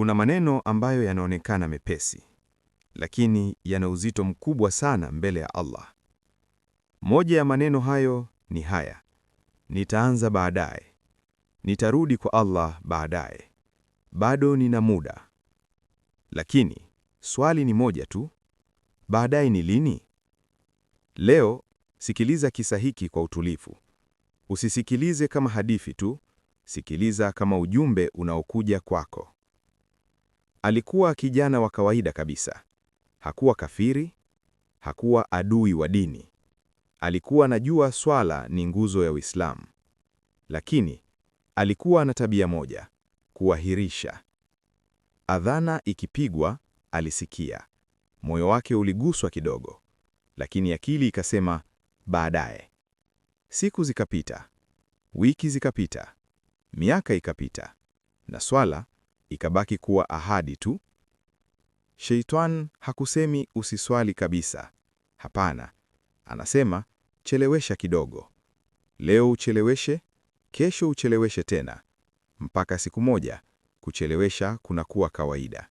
Kuna maneno ambayo yanaonekana mepesi, lakini yana uzito mkubwa sana mbele ya Allah. Moja ya maneno hayo ni haya: nitaanza baadaye, nitarudi kwa Allah baadaye, bado nina muda. Lakini swali ni moja tu, baadaye ni lini? Leo sikiliza kisa hiki kwa utulivu. Usisikilize kama hadithi tu, sikiliza kama ujumbe unaokuja kwako. Alikuwa kijana wa kawaida kabisa. Hakuwa kafiri, hakuwa adui wa dini. Alikuwa anajua swala ni nguzo ya Uislamu. Lakini alikuwa na tabia moja, kuahirisha. Adhana ikipigwa, alisikia. Moyo wake uliguswa kidogo, lakini akili ikasema baadaye. Siku zikapita, wiki zikapita, miaka ikapita, na swala ikabaki kuwa ahadi tu. sheitan hakusemi usiswali kabisa. Hapana, anasema chelewesha kidogo. Leo ucheleweshe, kesho ucheleweshe tena, mpaka siku moja kuchelewesha kunakuwa kawaida.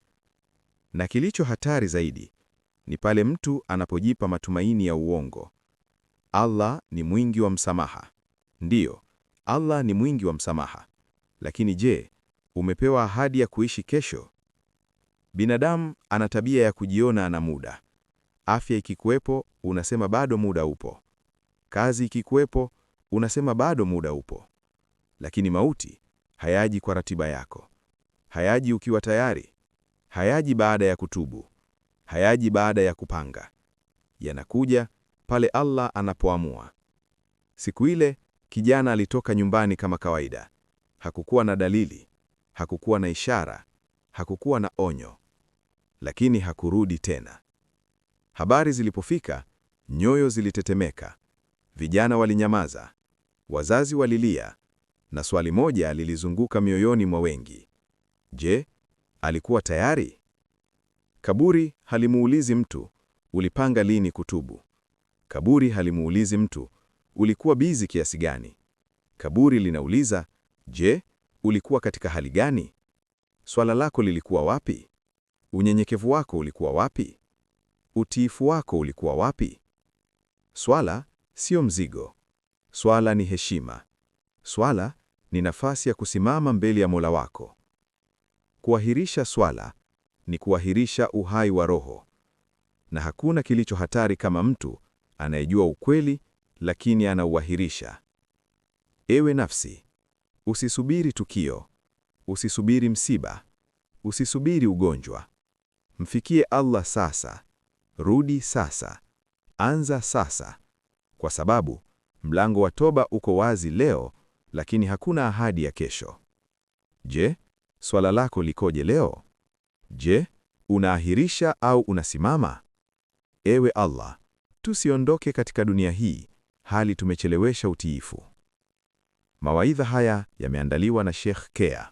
Na kilicho hatari zaidi ni pale mtu anapojipa matumaini ya uongo. Allah ni mwingi wa msamaha. Ndiyo, Allah ni mwingi wa msamaha. Lakini je, umepewa ahadi ya kuishi kesho. Binadamu ana tabia ya kujiona ana muda. Afya ikikuwepo, unasema bado muda upo. Kazi ikikuwepo, unasema bado muda upo. Lakini mauti hayaji kwa ratiba yako, hayaji ukiwa tayari, hayaji baada ya kutubu, hayaji baada ya kupanga. Yanakuja pale Allah anapoamua. Siku ile kijana alitoka nyumbani kama kawaida, hakukuwa na dalili hakukuwa na ishara, hakukuwa na onyo, lakini hakurudi tena. Habari zilipofika, nyoyo zilitetemeka, vijana walinyamaza, wazazi walilia, na swali moja lilizunguka mioyoni mwa wengi: je, alikuwa tayari? Kaburi halimuulizi mtu ulipanga lini kutubu. Kaburi halimuulizi mtu ulikuwa bizi kiasi gani. Kaburi linauliza, je, Ulikuwa katika hali gani? Swala lako lilikuwa wapi? Unyenyekevu wako ulikuwa wapi? Utiifu wako ulikuwa wapi? Swala sio mzigo. Swala ni heshima. Swala ni nafasi ya kusimama mbele ya Mola wako. Kuahirisha swala ni kuahirisha uhai wa roho. Na hakuna kilicho hatari kama mtu anayejua ukweli lakini anauahirisha. Ewe nafsi, Usisubiri tukio, usisubiri msiba, usisubiri ugonjwa. Mfikie Allah sasa, rudi sasa, anza sasa, kwa sababu mlango wa toba uko wazi leo, lakini hakuna ahadi ya kesho. Je, swala lako likoje leo? Je, unaahirisha au unasimama? Ewe Allah, tusiondoke katika dunia hii hali tumechelewesha utiifu. Mawaidha haya yameandaliwa na Sheikh Kea.